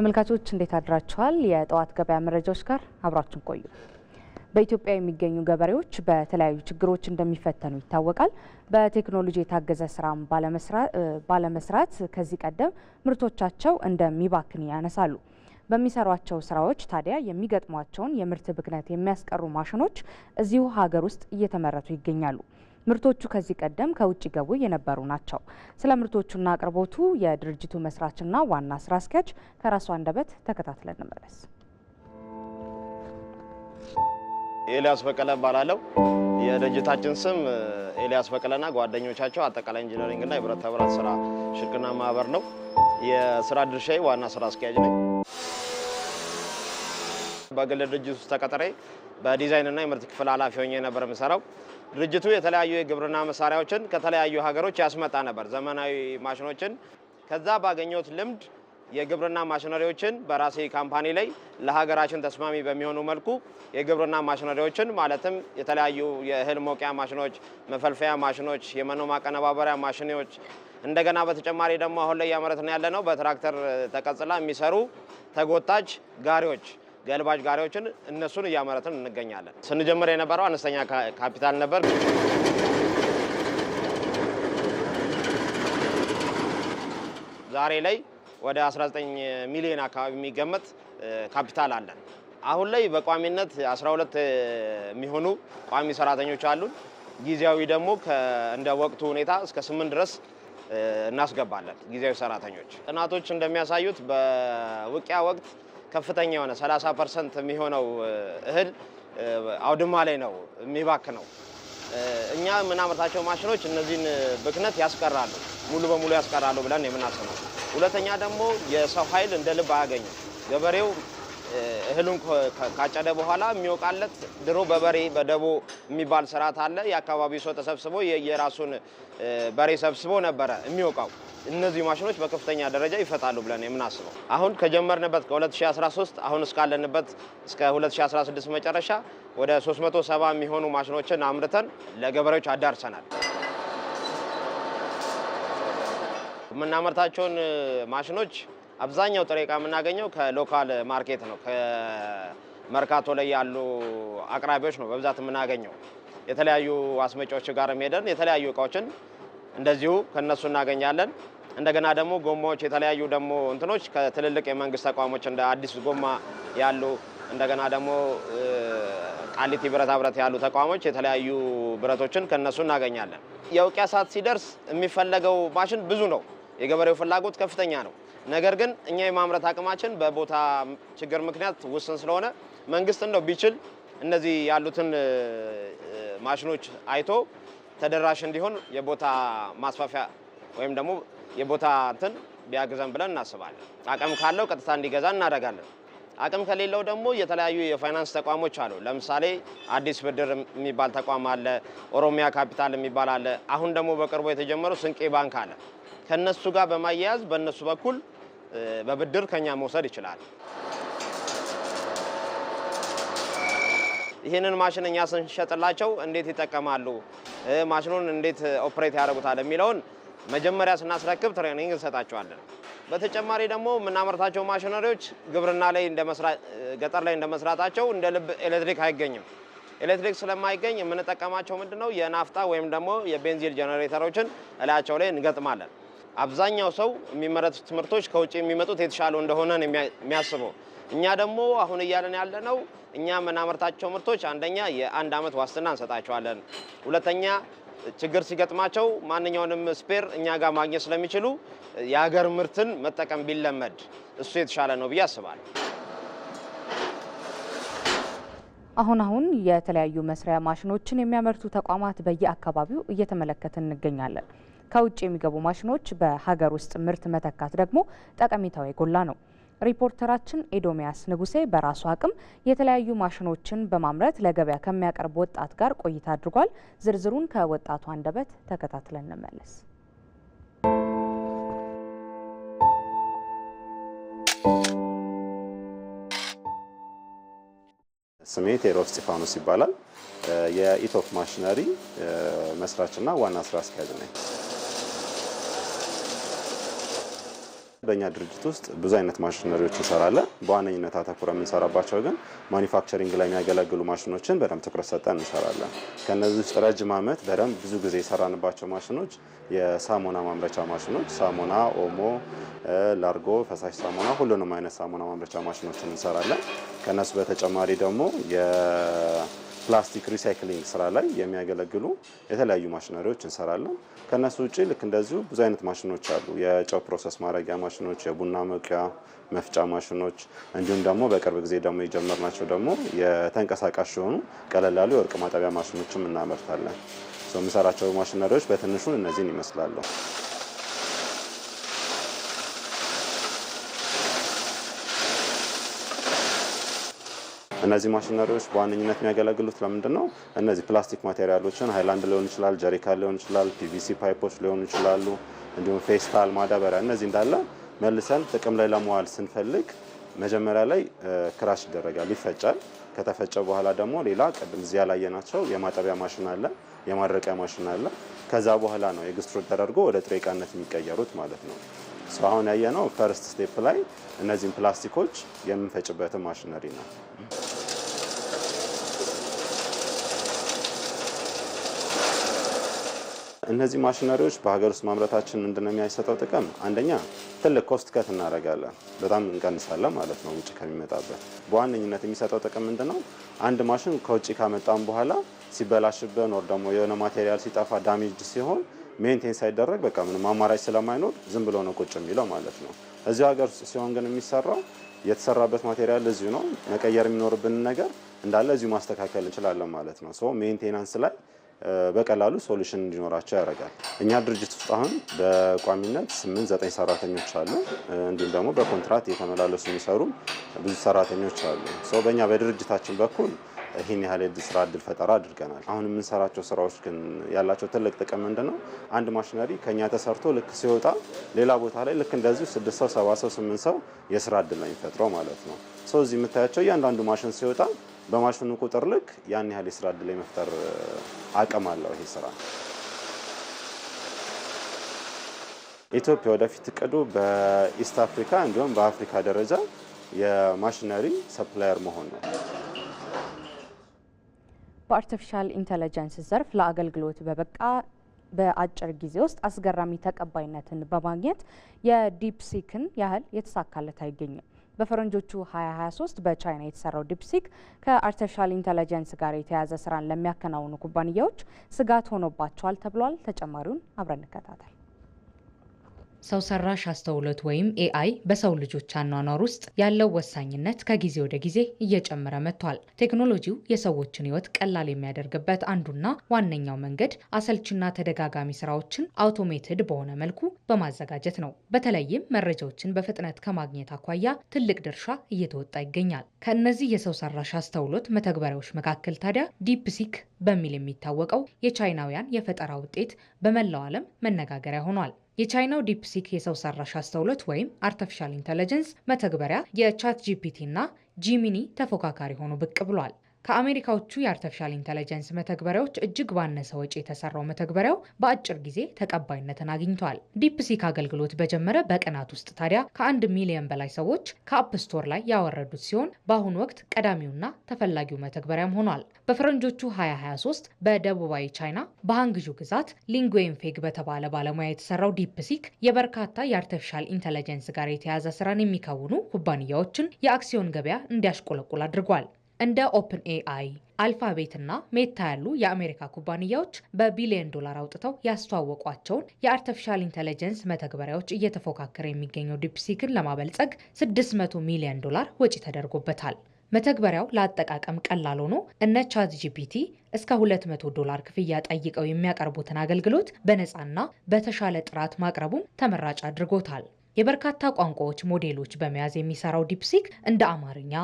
ተመልካቾች እንዴት አድራችኋል? የጠዋት ገበያ መረጃዎች ጋር አብራችሁን ቆዩ። በኢትዮጵያ የሚገኙ ገበሬዎች በተለያዩ ችግሮች እንደሚፈተኑ ይታወቃል። በቴክኖሎጂ የታገዘ ስራም ባለመስራት ከዚህ ቀደም ምርቶቻቸው እንደሚባክን ያነሳሉ። በሚሰሯቸው ስራዎች ታዲያ የሚገጥሟቸውን የምርት ብክነት የሚያስቀሩ ማሽኖች እዚሁ ሀገር ውስጥ እየተመረቱ ይገኛሉ። ምርቶቹ ከዚህ ቀደም ከውጭ ገቡ የነበሩ ናቸው። ስለ ምርቶቹና አቅርቦቱ የድርጅቱ መስራችና ዋና ስራ አስኪያጅ ከራሱ አንደበት ተከታትለን እንመለስ። ኤልያስ በቀለ እባላለሁ። የድርጅታችን ስም ኤልያስ በቀለና ጓደኞቻቸው አጠቃላይ ኢንጂነሪንግ እና የብረታ ብረት ስራ ሽርክና ማህበር ነው። የስራ ድርሻዬ ዋና ስራ አስኪያጅ ነኝ። በግል ድርጅት ውስጥ ተቀጥሬ በዲዛይን የምርት ክፍል ኃላፊ ሆኜ ነበር የምሰራው። ድርጅቱ የተለያዩ የግብርና መሳሪያዎችን ከተለያዩ ሀገሮች ያስመጣ ነበር፣ ዘመናዊ ማሽኖችን። ከዛ ባገኘሁት ልምድ የግብርና ማሽነሪዎችን በራሴ ካምፓኒ ላይ ለሀገራችን ተስማሚ በሚሆኑ መልኩ የግብርና ማሽነሪዎችን ማለትም የተለያዩ የእህል መውቂያ ማሽኖች፣ መፈልፈያ ማሽኖች፣ የመኖ ማቀነባበሪያ ማሽኖች እንደገና በተጨማሪ ደግሞ አሁን ላይ እያመረትን ያለ ነው በትራክተር ተቀጽላ የሚሰሩ ተጎታች ጋሪዎች ገልባጭ ጋሪዎችን እነሱን እያመረትን እንገኛለን። ስንጀምር የነበረው አነስተኛ ካፒታል ነበር። ዛሬ ላይ ወደ 19 ሚሊዮን አካባቢ የሚገመት ካፒታል አለን። አሁን ላይ በቋሚነት 12 የሚሆኑ ቋሚ ሰራተኞች አሉን። ጊዜያዊ ደግሞ እንደ ወቅቱ ሁኔታ እስከ 8 ድረስ እናስገባለን ጊዜያዊ ሰራተኞች። ጥናቶች እንደሚያሳዩት በውቅያ ወቅት ከፍተኛ የሆነ 30 ፐርሰንት የሚሆነው እህል አውድማ ላይ ነው የሚባክ ነው። እኛ የምናመርታቸው ማሽኖች እነዚህን ብክነት ያስቀራሉ፣ ሙሉ በሙሉ ያስቀራሉ ብለን የምናስበው። ሁለተኛ ደግሞ የሰው ኃይል እንደ ልብ አያገኝም ገበሬው እህሉን ካጨደ በኋላ የሚወቃለት ድሮ በበሬ በደቦ የሚባል ስርዓት አለ። የአካባቢው ሰው ተሰብስቦ የራሱን በሬ ሰብስቦ ነበረ የሚወቃው። እነዚህ ማሽኖች በከፍተኛ ደረጃ ይፈጣሉ ብለን የምናስበው አሁን ከጀመርንበት ከ2013 አሁን እስካለንበት እስከ 2016 መጨረሻ ወደ 370 የሚሆኑ ማሽኖችን አምርተን ለገበሬዎች አዳርሰናል። የምናመርታቸውን ማሽኖች አብዛኛው ጥሬ እቃ የምናገኘው ከሎካል ማርኬት ነው። ከመርካቶ ላይ ያሉ አቅራቢዎች ነው በብዛት የምናገኘው። የተለያዩ አስመጪዎች ጋር ሄደን የተለያዩ እቃዎችን እንደዚሁ ከነሱ እናገኛለን። እንደገና ደግሞ ጎማዎች፣ የተለያዩ ደግሞ እንትኖች ከትልልቅ የመንግስት ተቋሞች እንደ አዲስ ጎማ ያሉ እንደገና ደግሞ ቃሊቲ ብረታ ብረት ያሉ ተቋሞች የተለያዩ ብረቶችን ከነሱ እናገኛለን። የውቅያ ሰዓት ሲደርስ የሚፈለገው ማሽን ብዙ ነው። የገበሬው ፍላጎት ከፍተኛ ነው። ነገር ግን እኛ የማምረት አቅማችን በቦታ ችግር ምክንያት ውስን ስለሆነ መንግስት እንደው ቢችል እነዚህ ያሉትን ማሽኖች አይቶ ተደራሽ እንዲሆን የቦታ ማስፋፊያ ወይም ደግሞ የቦታ እንትን ቢያግዘን ብለን እናስባለን። አቅም ካለው ቀጥታ እንዲገዛ እናደርጋለን። አቅም ከሌለው ደግሞ የተለያዩ የፋይናንስ ተቋሞች አሉ። ለምሳሌ አዲስ ብድር የሚባል ተቋም አለ፣ ኦሮሚያ ካፒታል የሚባል አለ። አሁን ደግሞ በቅርቡ የተጀመረው ስንቄ ባንክ አለ። ከነሱ ጋር በማያያዝ በእነሱ በኩል በብድር ከኛ መውሰድ ይችላል። ይህንን ማሽን እኛ ስንሸጥላቸው እንዴት ይጠቀማሉ፣ ማሽኑን እንዴት ኦፕሬት ያደርጉታል የሚለውን መጀመሪያ ስናስረክብ ትሬኒንግ እንሰጣቸዋለን። በተጨማሪ ደግሞ የምናመርታቸው ማሽነሪዎች ግብርና ላይ ገጠር ላይ እንደመስራታቸው እንደ ልብ ኤሌክትሪክ አይገኝም። ኤሌክትሪክ ስለማይገኝ የምንጠቀማቸው ምንድነው የናፍጣ ወይም ደግሞ የቤንዚል ጀነሬተሮችን እላያቸው ላይ እንገጥማለን። አብዛኛው ሰው የሚመረቱት ትምህርቶች ከውጭ የሚመጡት የተሻለ እንደሆነ ነው የሚያስበው። እኛ ደግሞ አሁን እያለን ያለ ነው እኛ የምናመርታቸው ምርቶች አንደኛ የአንድ ዓመት ዋስትና እንሰጣቸዋለን። ሁለተኛ ችግር ሲገጥማቸው ማንኛውንም ስፔር እኛ ጋር ማግኘት ስለሚችሉ የሀገር ምርትን መጠቀም ቢለመድ እሱ የተሻለ ነው ብዬ አስባለሁ። አሁን አሁን የተለያዩ መስሪያ ማሽኖችን የሚያመርቱ ተቋማት በየአካባቢው እየተመለከትን እንገኛለን። ከውጭ የሚገቡ ማሽኖች በሀገር ውስጥ ምርት መተካት ደግሞ ጠቀሜታው የጎላ ነው። ሪፖርተራችን ኤዶሚያስ ንጉሴ በራሱ አቅም የተለያዩ ማሽኖችን በማምረት ለገበያ ከሚያቀርብ ወጣት ጋር ቆይታ አድርጓል። ዝርዝሩን ከወጣቱ አንደበት ተከታትለን እንመለስ። ስሜ ቴሮፍ ስጢፋኖስ ይባላል። የኢቶፕ ማሽነሪ መስራችና ዋና ስራ አስኪያጅ ነኝ። በእኛ ድርጅት ውስጥ ብዙ አይነት ማሽነሪዎች እንሰራለን። በዋነኝነት አተኩረ የምንሰራባቸው ግን ማኒፋክቸሪንግ ላይ የሚያገለግሉ ማሽኖችን በደንብ ትኩረት ሰጠን እንሰራለን። ከነዚህ ውስጥ ረጅም ዓመት በደንብ ብዙ ጊዜ የሰራንባቸው ማሽኖች የሳሙና ማምረቻ ማሽኖች፣ ሳሙና፣ ኦሞ፣ ላርጎ፣ ፈሳሽ ሳሙና፣ ሁሉንም አይነት ሳሙና ማምረቻ ማሽኖችን እንሰራለን። ከነሱ በተጨማሪ ደግሞ ፕላስቲክ ሪሳይክሊንግ ስራ ላይ የሚያገለግሉ የተለያዩ ማሽነሪዎች እንሰራለን። ከነሱ ውጭ ልክ እንደዚሁ ብዙ አይነት ማሽኖች አሉ። የጨው ፕሮሰስ ማድረጊያ ማሽኖች፣ የቡና መቁያ መፍጫ ማሽኖች እንዲሁም ደግሞ በቅርብ ጊዜ ደግሞ የጀመርናቸው ደግሞ የተንቀሳቃሽ የሆኑ ቀለል ያሉ የወርቅ ማጠቢያ ማሽኖችም እናመርታለን። የምሰራቸው ማሽነሪዎች በትንሹ እነዚህን ይመስላሉ። እነዚህ ማሽነሪዎች በዋነኝነት የሚያገለግሉት ለምንድን ነው? እነዚህ ፕላስቲክ ማቴሪያሎችን ሀይላንድ ሊሆን ይችላል፣ ጀሪካ ሊሆን ይችላል፣ ፒቪሲ ፓይፖች ሊሆኑ ይችላሉ፣ እንዲሁም ፌስታል፣ ማዳበሪያ እነዚህ እንዳለ መልሰን ጥቅም ላይ ለመዋል ስንፈልግ መጀመሪያ ላይ ክራሽ ይደረጋል፣ ይፈጫል። ከተፈጨ በኋላ ደግሞ ሌላ ቅድም እዚያ ላይ የማጠቢያ ማሽን አለ፣ የማድረቂያ ማሽን አለ። ከዛ በኋላ ነው ኤክስትሩድ ተደርጎ ወደ ጥሬ ዕቃነት የሚቀየሩት ማለት ነው። አሁን ያየነው ፈርስት ስቴፕ ላይ እነዚህን ፕላስቲኮች የምንፈጭበትን ማሽነሪ ነው። እነዚህ ማሽነሪዎች በሀገር ውስጥ ማምረታችን ምንድነው የሚያሰጠው ጥቅም? አንደኛ ትልቅ ኮስት ከት እናደርጋለን፣ በጣም እንቀንሳለን ማለት ነው ውጭ ከሚመጣበት። በዋነኝነት የሚሰጠው ጥቅም ምንድነው? አንድ ማሽን ከውጭ ካመጣም በኋላ ሲበላሽብን ወር ደግሞ የሆነ ማቴሪያል ሲጠፋ ዳሜጅ ሲሆን ሜንቴን ሳይደረግ በቃ ምንም አማራጭ ስለማይኖር ዝም ብሎ ነው ቁጭ የሚለው ማለት ነው። እዚሁ ሀገር ውስጥ ሲሆን ግን የሚሰራው የተሰራበት ማቴሪያል እዚሁ ነው። መቀየር የሚኖርብንን ነገር እንዳለ እዚሁ ማስተካከል እንችላለን ማለት ነው። ሶ ሜንቴናንስ ላይ በቀላሉ ሶሉሽን እንዲኖራቸው ያደርጋል። እኛ ድርጅት ውስጥ አሁን በቋሚነት ስምንት ዘጠኝ ሰራተኞች አሉ። እንዲሁም ደግሞ በኮንትራት የተመላለሱ የሚሰሩ ብዙ ሰራተኞች አሉ። ሰው በእኛ በድርጅታችን በኩል ይህን ያህል ስራ እድል ፈጠራ አድርገናል። አሁን የምንሰራቸው ስራዎች ግን ያላቸው ትልቅ ጥቅም ምንድን ነው? አንድ ማሽነሪ ከኛ ተሰርቶ ልክ ሲወጣ ሌላ ቦታ ላይ ልክ እንደዚሁ ስድስት ሰው፣ ሰባ ሰው፣ ስምንት ሰው የስራ እድል ነው የሚፈጥረው ማለት ነው። ሰው እዚህ የምታያቸው እያንዳንዱ ማሽን ሲወጣ በማሽኑ ቁጥር ልክ ያን ያህል የስራ እድል የመፍጠር አቅም አለው ይሄ ስራ። ኢትዮጵያ ወደፊት እቅዱ በኢስት አፍሪካ እንዲሁም በአፍሪካ ደረጃ የማሽነሪ ሰፕላየር መሆን ነው። በአርቲፊሻል ኢንተለጀንስ ዘርፍ ለአገልግሎት በበቃ በአጭር ጊዜ ውስጥ አስገራሚ ተቀባይነትን በማግኘት የዲፕሲክን ያህል የተሳካለት አይገኝም። በፈረንጆቹ 2023 በቻይና የተሰራው ዲፕሲክ ከአርቲፊሻል ኢንተለጀንስ ጋር የተያያዘ ስራን ለሚያከናውኑ ኩባንያዎች ስጋት ሆኖባቸዋል ተብሏል። ተጨማሪውን አብረን እንከታተል። ሰው ሰራሽ አስተውሎት ወይም ኤአይ በሰው ልጆች አኗኗር ውስጥ ያለው ወሳኝነት ከጊዜ ወደ ጊዜ እየጨመረ መጥቷል። ቴክኖሎጂው የሰዎችን ሕይወት ቀላል የሚያደርግበት አንዱና ዋነኛው መንገድ አሰልችና ተደጋጋሚ ስራዎችን አውቶሜትድ በሆነ መልኩ በማዘጋጀት ነው። በተለይም መረጃዎችን በፍጥነት ከማግኘት አኳያ ትልቅ ድርሻ እየተወጣ ይገኛል። ከእነዚህ የሰው ሰራሽ አስተውሎት መተግበሪያዎች መካከል ታዲያ ዲፕሲክ በሚል የሚታወቀው የቻይናውያን የፈጠራ ውጤት በመላው ዓለም መነጋገሪያ ሆኗል። የቻይናው ዲፕሲክ የሰው ሰራሽ አስተውሎት ወይም አርተፊሻል ኢንተለጀንስ መተግበሪያ የቻት ጂፒቲ እና ጂሚኒ ተፎካካሪ ሆኖ ብቅ ብሏል። ከአሜሪካዎቹ የአርተፊሻል ኢንተለጀንስ መተግበሪያዎች እጅግ ባነሰ ወጪ የተሰራው መተግበሪያው በአጭር ጊዜ ተቀባይነትን አግኝቷል። ዲፕሲክ አገልግሎት በጀመረ በቀናት ውስጥ ታዲያ ከአንድ ሚሊዮን በላይ ሰዎች ከአፕ ስቶር ላይ ያወረዱት ሲሆን በአሁኑ ወቅት ቀዳሚውና ተፈላጊው መተግበሪያም ሆኗል። በፈረንጆቹ 2023 በደቡባዊ ቻይና በሃንግዡ ግዛት ሊንጉዌን ፌግ በተባለ ባለሙያ የተሰራው ዲፕሲክ የበርካታ የአርተፊሻል ኢንተለጀንስ ጋር የተያያዘ ስራን የሚከውኑ ኩባንያዎችን የአክሲዮን ገበያ እንዲያሽቆለቁል አድርጓል። እንደ ኦፕን ኤአይ አልፋቤትና ሜታ ያሉ የአሜሪካ ኩባንያዎች በቢሊዮን ዶላር አውጥተው ያስተዋወቋቸውን የአርቲፊሻል ኢንተለጀንስ መተግበሪያዎች እየተፎካከረ የሚገኘው ዲፕሲክን ለማበልጸግ 600 ሚሊዮን ዶላር ወጪ ተደርጎበታል። መተግበሪያው ለአጠቃቀም ቀላል ሆኖ እነ ቻት ጂፒቲ እስከ 200 ዶላር ክፍያ ጠይቀው የሚያቀርቡትን አገልግሎት በነፃና በተሻለ ጥራት ማቅረቡም ተመራጭ አድርጎታል። የበርካታ ቋንቋዎች ሞዴሎች በመያዝ የሚሰራው ዲፕሲክ እንደ አማርኛ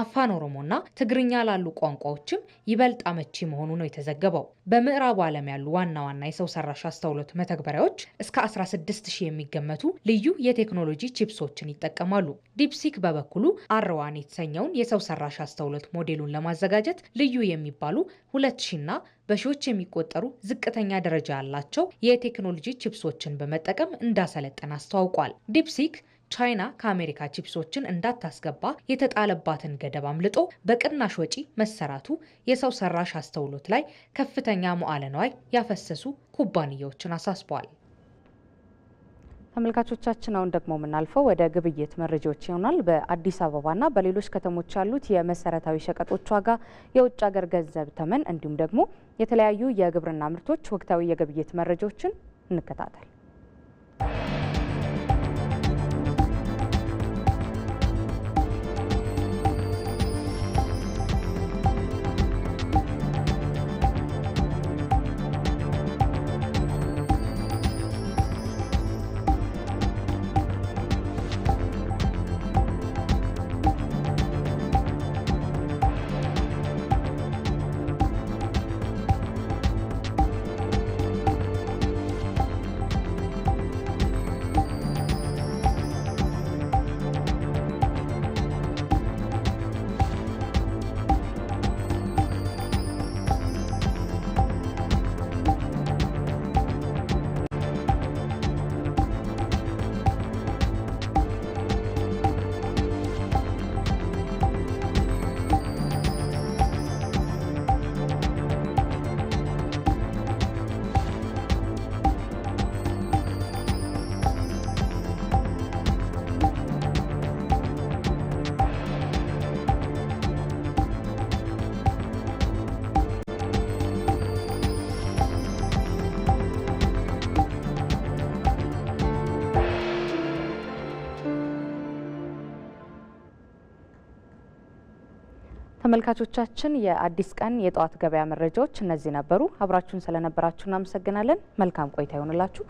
አፋን ኦሮሞና ትግርኛ ላሉ ቋንቋዎችም ይበልጥ አመቺ መሆኑ ነው የተዘገበው። በምዕራቡ ዓለም ያሉ ዋና ዋና የሰው ሰራሽ አስተውሎት መተግበሪያዎች እስከ 16 ሺህ የሚገመቱ ልዩ የቴክኖሎጂ ቺፕሶችን ይጠቀማሉ። ዲፕሲክ በበኩሉ አርዋን የተሰኘውን የሰው ሰራሽ አስተውሎት ሞዴሉን ለማዘጋጀት ልዩ የሚባሉ 2000ና በሺዎች የሚቆጠሩ ዝቅተኛ ደረጃ ያላቸው የቴክኖሎጂ ቺፕሶችን በመጠቀም እንዳሰለጠን አስተዋውቋል። ዲፕሲክ ቻይና ከአሜሪካ ቺፕሶችን እንዳታስገባ የተጣለባትን ገደብ አምልጦ በቅናሽ ወጪ መሰራቱ የሰው ሰራሽ አስተውሎት ላይ ከፍተኛ መዋዕለ ንዋይ ያፈሰሱ ኩባንያዎችን አሳስቧል። ተመልካቾቻችን አሁን ደግሞ የምናልፈው ወደ ግብይት መረጃዎች ይሆናል። በአዲስ አበባና በሌሎች ከተሞች ያሉት የመሰረታዊ ሸቀጦች ዋጋ፣ የውጭ ሀገር ገንዘብ ተመን እንዲሁም ደግሞ የተለያዩ የግብርና ምርቶች ወቅታዊ የግብይት መረጃዎችን እንከታተል። ተመልካቾቻችን የአዲስ ቀን የጠዋት ገበያ መረጃዎች እነዚህ ነበሩ። አብራችሁን ስለነበራችሁ እናመሰግናለን። መልካም ቆይታ ይሆንላችሁ።